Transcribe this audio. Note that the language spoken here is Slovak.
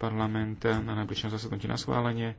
parlament na najbližšom zasadnutí na schválenie.